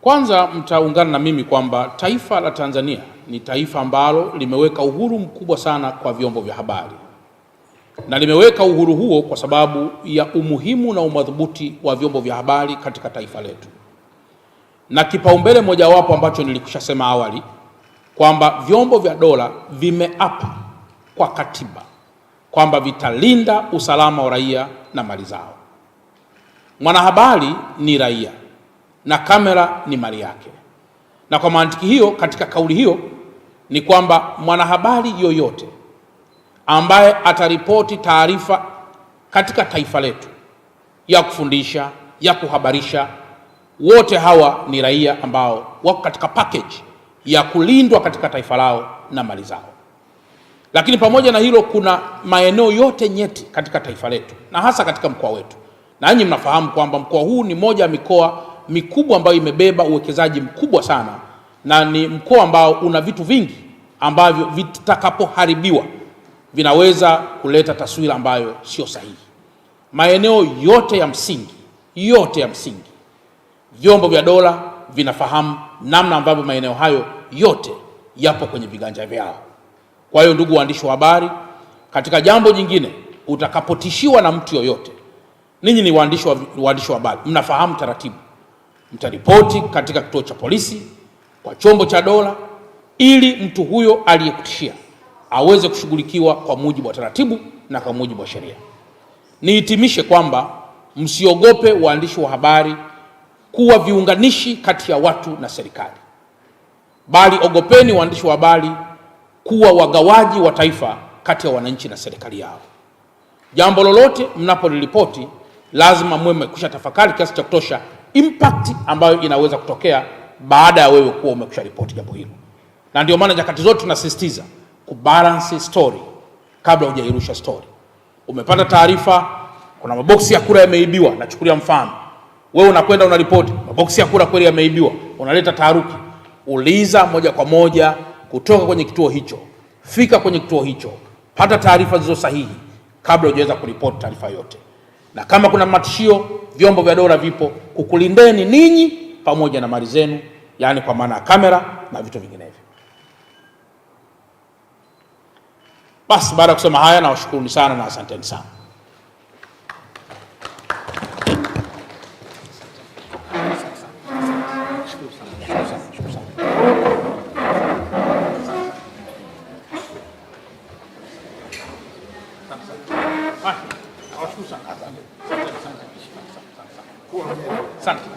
Kwanza mtaungana na mimi kwamba taifa la Tanzania ni taifa ambalo limeweka uhuru mkubwa sana kwa vyombo vya habari, na limeweka uhuru huo kwa sababu ya umuhimu na umadhubuti wa vyombo vya habari katika taifa letu, na kipaumbele mojawapo ambacho nilikushasema awali kwamba vyombo vya dola vimeapa kwa katiba kwamba vitalinda usalama wa raia na mali zao. Mwanahabari ni raia na kamera ni mali yake. Na kwa mantiki hiyo, katika kauli hiyo ni kwamba mwanahabari yoyote ambaye ataripoti taarifa katika taifa letu ya kufundisha, ya kuhabarisha, wote hawa ni raia ambao wako katika package ya kulindwa katika taifa lao na mali zao. Lakini pamoja na hilo, kuna maeneo yote nyeti katika taifa letu na hasa katika mkoa wetu, na nyinyi mnafahamu kwamba mkoa huu ni moja ya mikoa mikubwa ambayo imebeba uwekezaji mkubwa sana na ni mkoa ambao una vitu vingi ambavyo vitakapoharibiwa vinaweza kuleta taswira ambayo sio sahihi. Maeneo yote ya msingi, yote ya msingi, vyombo vya dola vinafahamu namna ambavyo maeneo hayo yote yapo kwenye viganja vyao. Kwa hiyo, ndugu waandishi wa habari, katika jambo jingine, utakapotishiwa na mtu yoyote, ninyi ni waandishi wa habari, mnafahamu taratibu mtaripoti katika kituo cha polisi kwa chombo cha dola ili mtu huyo aliyekutishia aweze kushughulikiwa kwa mujibu wa taratibu na kwa mujibu wa sheria. Nihitimishe kwamba msiogope, waandishi wa habari, kuwa viunganishi kati ya watu na serikali, bali ogopeni, waandishi wa habari, kuwa wagawaji wa taifa kati ya wananchi na serikali yao. Jambo lolote mnapoliripoti lazima muwe mmekwisha tafakari kiasi cha kutosha impact ambayo inaweza kutokea baada ya wewe kuwa umekusha ripoti jambo hilo, na ndio maana nyakati zote tunasisitiza kubalance story kabla hujairusha story. Umepata taarifa kuna maboksi ya kura yameibiwa, nachukulia mfano, wewe unakwenda unaripoti maboksi ya kura kweli yameibiwa, unaleta taharuki, uliza moja kwa moja kutoka kwenye kituo hicho, fika kwenye kituo hicho, pata taarifa zilizo sahihi kabla hujaweza kuripoti taarifa yote, na kama kuna matishio vyombo vya dola vipo kukulindeni ninyi pamoja na mali zenu, yaani kwa maana ya kamera na vitu vinginevyo. Basi baada ya kusema haya, nawashukuruni sana na asanteni sana. Asante.